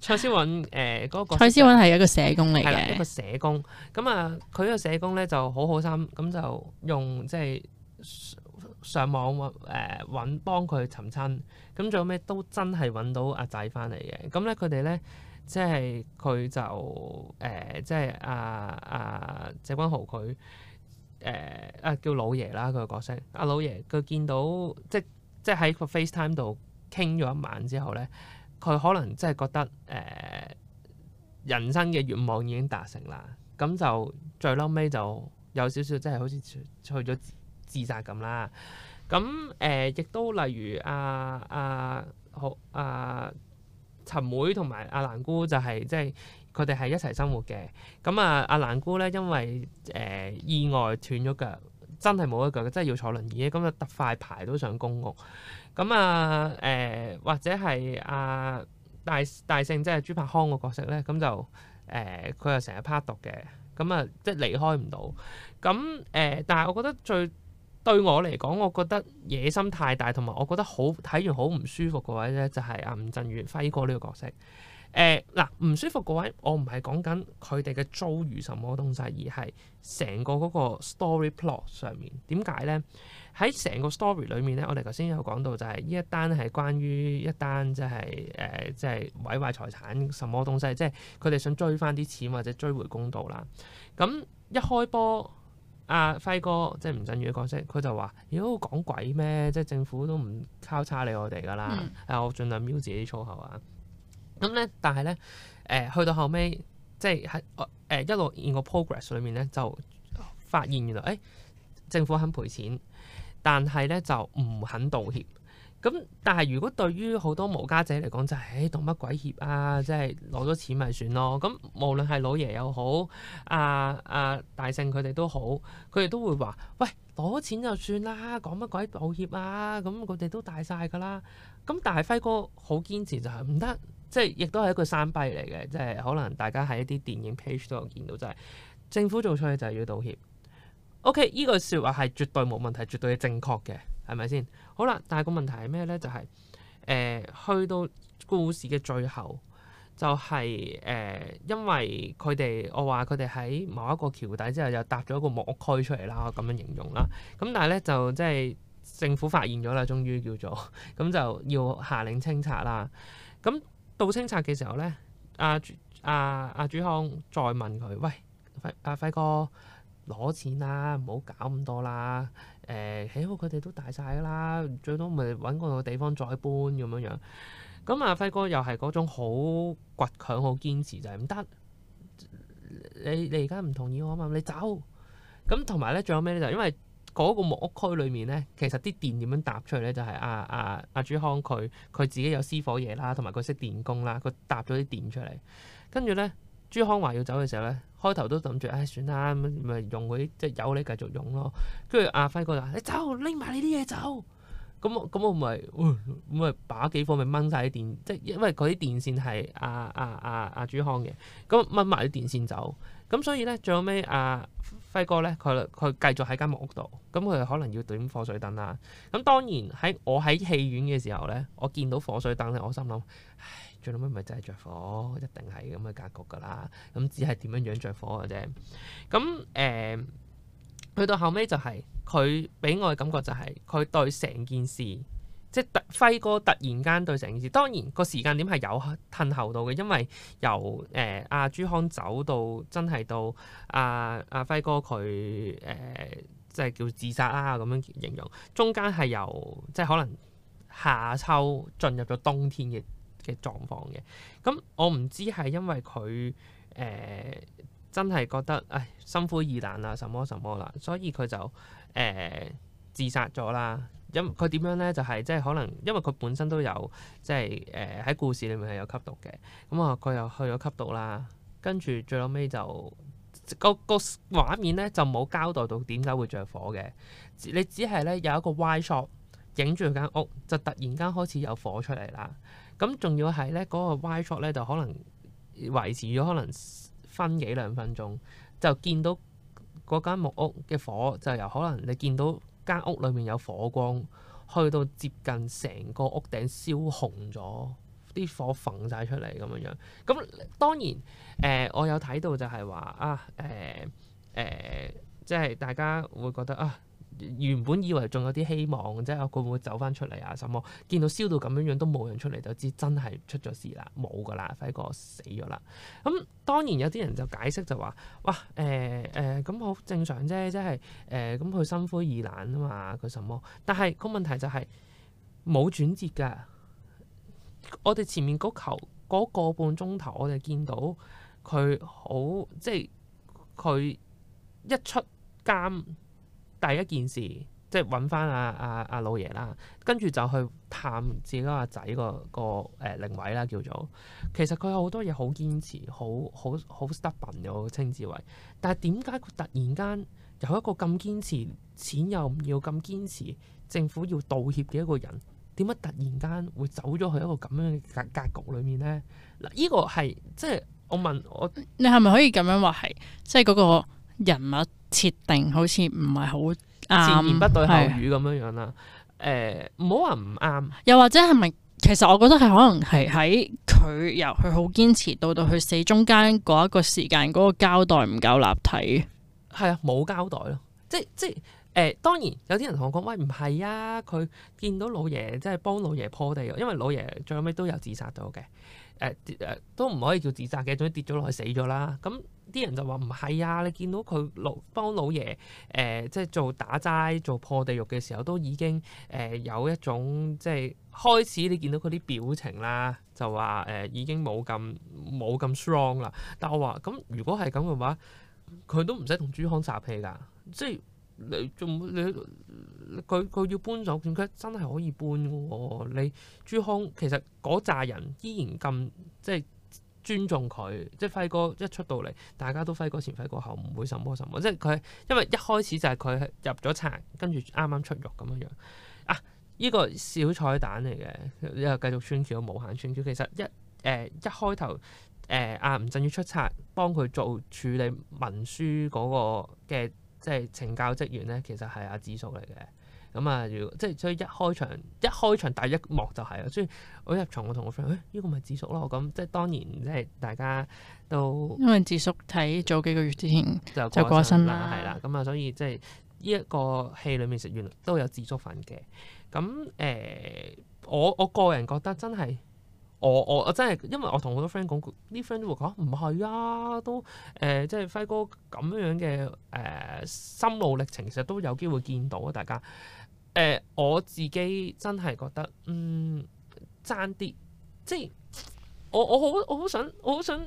蔡思雲誒，嗰個蔡思雲係一個社工嚟嘅、嗯，一個社工。咁啊，佢呢個社工咧就好好心，咁就用即係上網揾誒揾幫佢尋親。咁最後尾都真係揾到阿仔翻嚟嘅。咁咧佢哋咧。即係佢就誒、呃，即係啊啊謝君豪佢誒啊叫老爺啦，佢個角色啊老爺，佢見到即即喺個 FaceTime 度傾咗一晚之後咧，佢可能即係覺得誒、呃、人生嘅願望已經達成啦，咁就最撈尾就有少少即係好似去咗自殺咁啦，咁誒亦都例如啊啊好啊。啊啊啊陳妹同埋阿蘭姑就係即係佢哋係一齊生活嘅。咁啊，阿蘭姑咧因為誒、呃、意外斷咗腳，真係冇咗腳嘅，真係要坐輪椅。咁就特快排都上公屋。咁啊誒，或者係阿、呃、大大聖即係、就是、朱柏康個角色咧，咁就誒佢又成日啪毒嘅。咁、呃、啊、嗯，即係離開唔到。咁誒、呃，但係我覺得最對我嚟講，我覺得野心太大，同埋我覺得好睇完好唔舒服嗰位咧，就係、是、阿吳振宇吳鎮宇輝哥呢個角色。誒、呃、嗱，唔、呃、舒服嗰位，我唔係講緊佢哋嘅遭遇什麼東西，而係成個嗰個 story plot 上面點解咧？喺成個 story 裡面咧，我哋頭先有講到就係呢一單係關於一單即係誒即係毀壞財產什麼東西，即係佢哋想追翻啲錢或者追回公道啦。咁一開波。阿、啊、輝哥，即係吳鎮宇嘅角色，佢就話：妖講，哦、鬼咩？即係政府都唔交叉你我哋㗎喇。啊、嗯，我盡量 mute 啲粗口啊。咁、嗯、咧，但係咧，誒、呃、去到後尾，即係喺誒一路見個 progress 裏面咧，就發現原來誒、欸、政府肯賠錢，但係咧就唔肯道歉。咁但係如果對於好多無家者嚟講就係哎，道乜鬼歉啊？即係攞咗錢咪算咯。咁無論係老爺又好，啊、啊、大聖佢哋都好，佢哋都會話：喂，攞錢就算啦，講乜鬼道歉啊？咁佢哋都大晒噶啦。咁但係輝哥好堅持就係唔得，即係亦都係一個山弊嚟嘅，即係可能大家喺一啲電影 page 都有見到，就係、是、政府做錯嘢就要道歉。O.K. 呢句説話係絕對冇問題，絕對正確嘅。係咪先？好啦，但係個問題係咩咧？就係、是、誒、呃、去到故事嘅最後，就係、是、誒、呃、因為佢哋，我話佢哋喺某一個橋底之後，就搭咗一個木屋區出嚟啦，咁樣形容啦。咁但係咧就即係政府發現咗啦，終於叫做咁 就要下令清拆啦。咁到清拆嘅時候咧，阿阿阿主康、啊、再問佢，喂，阿、啊、輝哥攞錢啦，啊，唔好搞咁多啦。誒，起好佢哋都大晒噶啦，最多咪揾個地方再搬咁樣樣。咁、嗯、啊，輝哥又係嗰種好倔強、好堅持就係唔得。你你而家唔同意我啊嘛，你走。咁同埋咧，仲有咩咧？就係因為嗰個木屋區裏面咧，其實啲電點樣搭出嚟咧？就係阿阿阿朱康佢佢自己有私火嘢啦，同埋佢識電工啦，佢搭咗啲電出嚟，跟住咧。朱康話要走嘅時候咧，開頭都諗住，唉、哎，算啦，咁咪用嗰啲即係有你繼續用咯。跟住阿輝哥就話：你走，拎埋你啲嘢走。咁我咁我咪咁咪把幾火咪掹晒啲電，即係因為嗰啲電線係阿阿阿阿朱康嘅，咁掹埋啲電線走。咁所以咧，最後尾阿輝哥咧，佢佢繼續喺間木屋度。咁佢可能要點火水燈啦。咁當然喺我喺戲院嘅時候咧，我見到火水燈咧，我心諗。最屘咪就係着火，一定係咁嘅格局噶啦。咁只係點樣樣着火嘅啫。咁誒去到後尾就係佢俾我嘅感覺就係佢對成件事，即係輝哥突然間對成件事。當然個時間點係有褪後到嘅，因為由誒阿、呃、朱康走到真係到阿阿輝哥佢誒、呃，即係叫自殺啦。咁樣形容。中間係由即係可能夏秋進入咗冬天嘅。嘅狀況嘅咁、嗯，我唔知係因為佢誒、呃、真係覺得誒心灰意冷啦，什麼什麼啦，所以佢就誒、呃、自殺咗啦。因佢點樣咧，就係即係可能因為佢本身都有即係誒喺故事裡面係有吸毒嘅咁啊，佢、嗯、又去咗吸毒啦，跟住最後尾就個個畫面咧就冇交代到點解會着火嘅。你只係咧有一個 wide shot 影住間屋，就突然間開始有火出嚟啦。咁仲要係咧，嗰、那個 Y shot 咧就可能維持咗可能分幾兩分鐘，就見到嗰間木屋嘅火就由可能你見到間屋裏面有火光，去到接近成個屋頂燒紅咗，啲火焚晒出嚟咁樣。咁當然，誒、呃、我有睇到就係話啊，誒、呃、誒、呃，即係大家會覺得啊。原本以為仲有啲希望，即係佢會唔會走翻出嚟啊？什麼見到燒到咁樣樣都冇人出嚟，就知真係出咗事啦，冇㗎啦，輝哥死咗啦。咁、嗯、當然有啲人就解釋就話，哇，誒、呃、誒，咁、呃、好正常啫，即係誒咁佢心灰意冷啊嘛，佢什麼？但係個問題就係冇轉折㗎。我哋前面嗰球嗰、嗰個半鐘頭，我哋見到佢好，即係佢一出監。第一件事，即係揾翻阿阿阿老爺啦，跟住就去探自己個仔個個誒靈位啦，叫做。其實佢有好多嘢，好堅持，好好好 stubborn 嘅，我稱之為。但係點解佢突然間有一個咁堅持，錢又唔要咁堅持，政府要道歉嘅一個人，點解突然間會走咗去一個咁樣嘅格格局裏面咧？嗱、這個，呢個係即係我問我，你係咪可以咁樣話係，即係嗰個人物？設定好似唔係好啱，前言不對後語咁樣樣啦。誒是，唔好話唔啱。不不又或者係咪？其實我覺得係可能係喺佢由佢好堅持到到佢死，中間嗰一個時間嗰個交代唔夠立體。係啊，冇交代咯。即即誒、呃，當然有啲人同我講：喂，唔係啊，佢見到老爺即係幫老爺破地，因為老爺最後尾都有自殺到嘅。誒誒、呃、都唔可以叫自殺嘅，總之跌咗落去死咗啦。咁啲人就話唔係啊，你見到佢老幫老爺誒、呃，即係做打齋做破地獄嘅時候，都已經誒有一種即係開始。你見到佢啲表情啦，就話誒、呃、已經冇咁冇咁 strong 啦。但我話咁，如果係咁嘅話，佢都唔使同朱康嘥氣㗎，即係。你仲你佢佢要搬走，點解真係可以搬嘅喎、哦。你朱空其實嗰扎人依然咁即係尊重佢，即係輝哥一出到嚟，大家都輝哥前輝哥後，唔會什麼什麼。即係佢因為一開始就係佢入咗冊，跟住啱啱出獄咁樣樣啊，呢、這個小彩蛋嚟嘅，呢又繼續穿橋無限穿橋。其實一誒、呃、一開頭誒阿吳鎮宇出冊幫佢做處理文書嗰、那個嘅。即係懲教職員咧，其實係阿紫叔嚟嘅。咁、嗯、啊，要即係所以一開場一開場第一幕就係啊，所以我一入場我同我 friend 誒呢個咪紫叔咯。咁即係當然即係大家都因為紫叔睇早幾個月之前就就過身啦，係啦。咁啊、嗯，所以即係呢一個戲裡面食完都有紫叔份嘅。咁誒、呃，我我個人覺得真係。我我我真係，因為我同好多 friend 講，啲 friend 都話，唔、啊、係啊，都誒、呃，即係輝哥咁樣嘅誒、呃，心路歷程，其實都有機會見到啊，大家。誒、呃，我自己真係覺得，嗯，爭啲，即係我我好我好想我好想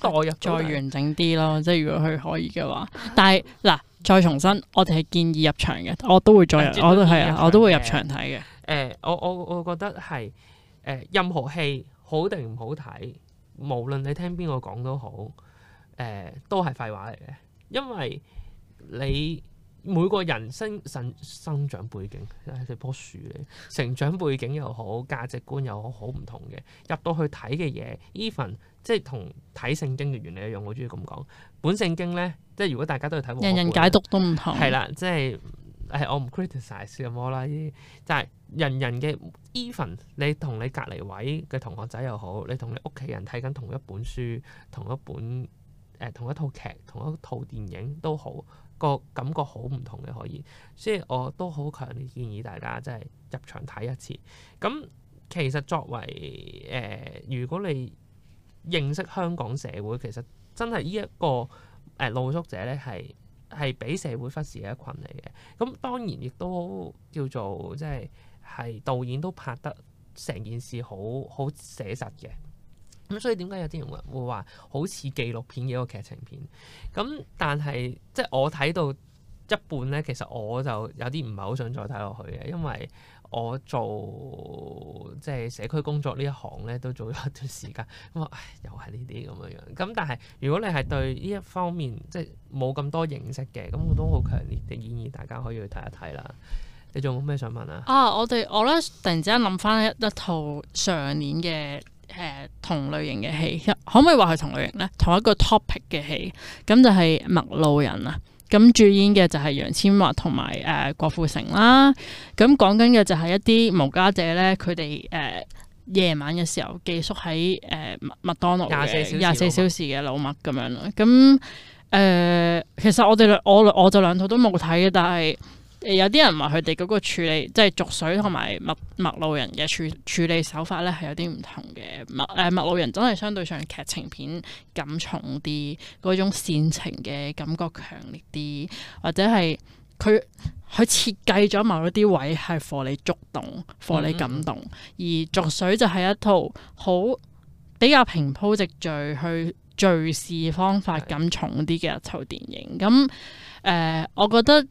代入再入再完整啲咯，即係 如果佢可以嘅話。但係嗱，再重新，我哋係建議入場嘅，我都會再入，入場我都係啊，我都會入場睇嘅。誒、呃，我我我，我覺得係。誒任何戲好定唔好睇，無論你聽邊個講都好，誒、呃、都係廢話嚟嘅。因為你每個人生生生長背景係一、哎、棵樹嚟，成長背景又好，價值觀又好，好唔同嘅。入到去睇嘅嘢，even 即係同睇聖經嘅原理一樣，我中意咁講。本聖經咧，即係如果大家都去睇，人人解讀都唔同。係啦，即係係、哎、我唔 criticize 咁，麼啦，依即係。人人嘅 even，你同你隔離位嘅同學仔又好，你同你屋企人睇緊同一本書、同一本誒、呃、同一套劇、同一套電影都好，個感覺好唔同嘅可以，所以我都好強烈建議大家真係入場睇一次。咁、嗯、其實作為誒、呃，如果你認識香港社會，其實真係呢一個誒、呃、露宿者咧，係係俾社會忽視嘅一群嚟嘅。咁、嗯、當然亦都叫做即係。係導演都拍得成件事好好寫實嘅，咁所以點解有啲人會會話好似紀錄片嘅一個劇情片？咁但係即係我睇到一半咧，其實我就有啲唔係好想再睇落去嘅，因為我做即係社區工作呢一行咧，都做咗一段時間，咁、哎、啊又係呢啲咁樣樣。咁但係如果你係對呢一方面即係冇咁多認識嘅，咁我都好強烈嘅建議大家可以去睇一睇啦。你仲有咩想問啊？啊，我哋我咧突然之間諗翻一一套上年嘅誒、呃、同類型嘅戲，可唔可以話係同類型咧？同一個 topic 嘅戲，咁就係《麥路人》啊。咁主演嘅就係楊千嬅同埋誒郭富城啦。咁講緊嘅就係一啲無家者咧，佢哋誒夜晚嘅時候寄宿喺誒麥麥當勞嘅廿四小時嘅老麥咁樣咯。咁誒、呃，其實我哋兩我我就兩套都冇睇嘅，但係。有啲人話佢哋嗰個處理，即係濁水同埋麥路人嘅處處理手法咧，係有啲唔同嘅。麥誒麥路人真係相對上劇情片咁重啲，嗰種煽情嘅感覺強烈啲，或者係佢佢設計咗某一啲位係幫你觸動，幫你感動。嗯、而濁水就係一套好比較平鋪直敍去敘事方法咁重啲嘅一套電影。咁誒、呃，我覺得。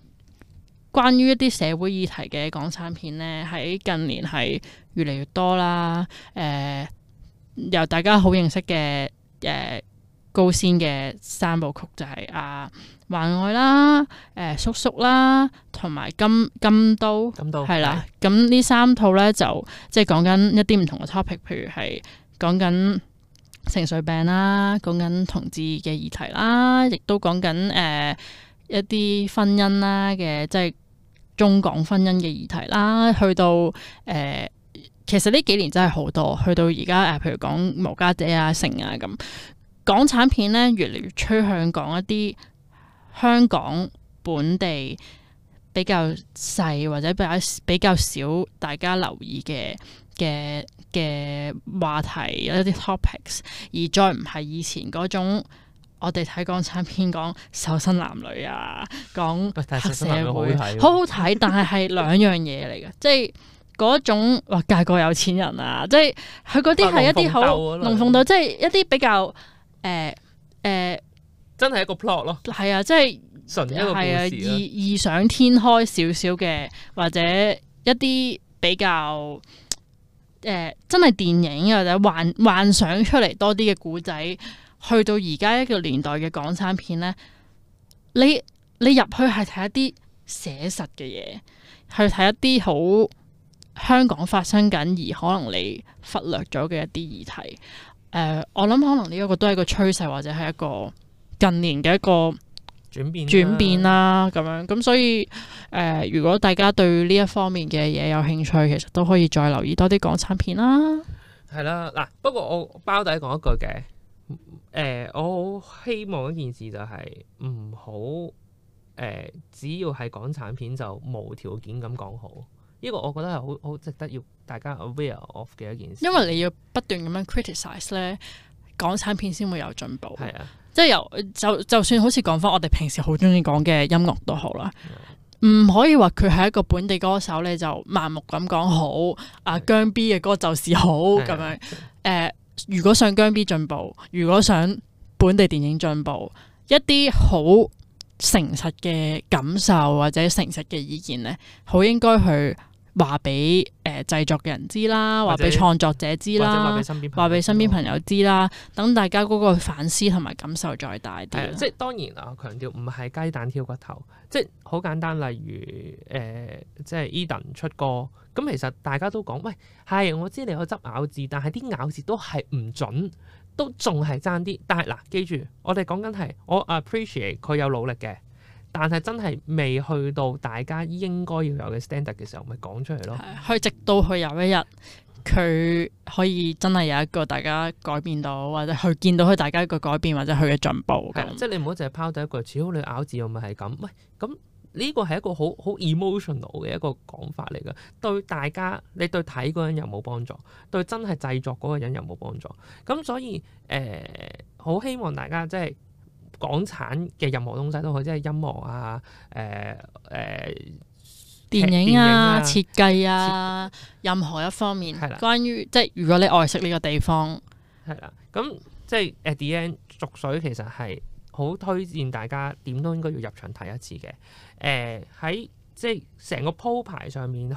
關於一啲社會議題嘅港產片呢，喺近年係越嚟越多啦。誒、呃，由大家好認識嘅誒、呃、高先嘅三部曲就係、是啊《幻愛》啦、誒、呃《叔叔》啦，同埋《金金都都》金都。金都係啦，咁呢、嗯、三套呢，就即係講緊一啲唔同嘅 topic，譬如係講緊情緒病啦，講緊同志嘅議題啦，亦都講緊誒一啲婚姻啦嘅，即係。中港婚姻嘅議題啦，去到誒、呃，其實呢幾年真係好多，去到而家誒，譬如講毛家姐啊、成啊咁，港產片咧越嚟越趨向講一啲香港本地比較細或者比較比較少大家留意嘅嘅嘅話題一啲 topics，而再唔係以前嗰種。我哋睇港產片，講瘦身男女啊，講黑社會，好、啊、好睇。但係係兩樣嘢嚟嘅， 即係嗰種哇嫁個有錢人啊，即係佢嗰啲係一啲好龍鳳鬥，即係一啲比較誒誒，呃呃、真係一個 plot 咯，係啊，即係純一個故事異、啊、異、啊、想天開少少嘅，或者一啲比較誒、呃、真係電影或者幻幻想出嚟多啲嘅古仔。去到而家一個年代嘅港產片呢，你你入去係睇一啲寫實嘅嘢，去睇一啲好香港發生緊而可能你忽略咗嘅一啲議題。誒、呃，我諗可能呢一個都係一個趨勢，或者係一個近年嘅一個轉變轉變啦。咁樣咁，所以誒、呃，如果大家對呢一方面嘅嘢有興趣，其實都可以再留意多啲港產片啦。係啦，嗱，不過我包底講一句嘅。誒、呃，我好希望一件事就係唔好誒，只要係港產片就無條件咁講好，呢、這個我覺得係好好值得要大家 aware of 嘅一件事。因為你要不斷咁樣 criticise 咧，港產片先會有進步。係啊，即係由就就算好似講翻我哋平時好中意講嘅音樂都好啦，唔、啊、可以話佢係一個本地歌手你就盲目咁講好阿、啊、姜 B 嘅歌就是好咁、啊、樣誒。呃如果想姜 B 進步，如果想本地電影進步，一啲好誠實嘅感受或者誠實嘅意見呢，好應該去，話俾誒製作嘅人知啦，話俾者創作者知啦，或者話俾身，身邊朋友知啦，等、哦、大家嗰個反思同埋感受再大啲。即係當然啊，強調唔係雞蛋挑骨頭，即係好簡單。例如誒、呃，即係 Edan 出歌，咁其實大家都講喂，係我知你有執咬字，但係啲咬字都係唔準，都仲係爭啲。但係嗱，記住我哋講緊係我 appreciate 佢有努力嘅。但係真係未去到大家應該要有嘅 standard 嘅時候，咪講出嚟咯。佢直到佢有一日，佢可以真係有一個大家改變到，或者去見到佢大家一個改變或者佢嘅進步。係，即係你唔好淨係拋第一句，只要你咬字，我咪係咁。喂，咁、這、呢個係一個好好 emotional 嘅一個講法嚟㗎。對大家，你對睇嗰個人有冇幫助？對真係製作嗰個人有冇幫助？咁所以誒，好、呃、希望大家即係。港產嘅任何東西都好，即係音樂啊，誒、呃、誒，呃、電影啊，影啊，設計啊，設任何一方面，係啦的。關於即係如果你愛惜呢個地方，係啦。咁即係 at the end，續水其實係好推薦大家點都應該要入場睇一次嘅。誒、呃、喺。即係成個鋪排上面，去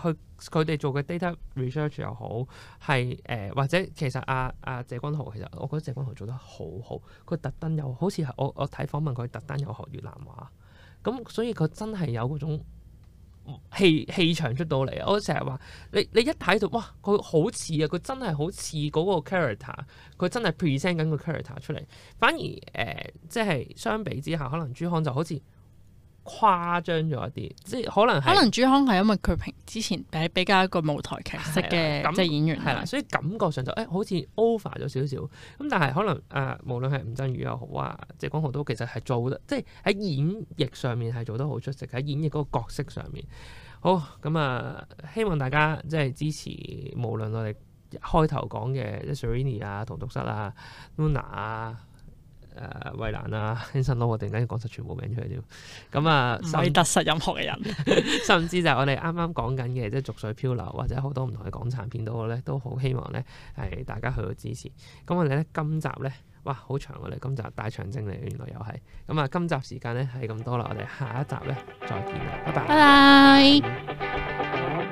佢哋做嘅 data research 又好，係誒、呃、或者其實阿、啊、阿、啊、謝君豪，其實我覺得謝君豪做得好好，佢特登又好似係我我睇訪問佢特登又學越南話，咁所以佢真係有嗰種氣氣場出到嚟。我成日話你你一睇到哇，佢好似啊，佢真係好似嗰個 character，佢真係 present 緊個 character 出嚟。反而誒、呃、即係相比之下，可能朱康就好似。誇張咗一啲，即係可能可能朱康係因為佢平之前誒，比較一個舞台劇式嘅即係演員，係啦，所以感覺上就誒好似 over 咗少少。咁但係可能誒、呃，無論係吳鎮宇又好啊，謝光豪都其實係做得，即係喺演繹上面係做得好出色，喺演繹嗰個角色上面。好，咁啊，希望大家即係支持，無論我哋開頭講嘅即 Serrini 啊、同卓室啊、Luna 啊。誒，衞、啊、蘭啊，輕身佬，我突然間講出全部名出嚟添。咁、嗯、啊，未得失任何嘅人， 甚至就係我哋啱啱講緊嘅，即、就、係、是、逐水漂流或者好多唔同嘅港產片到我咧，都好希望咧係大家去到支持。咁、嗯、我哋咧今集咧，哇，好長我哋今集大長征嚟，原來又係。咁、嗯、啊，今集時間咧係咁多啦，我哋下一集咧再見啦，拜拜。Bye bye bye bye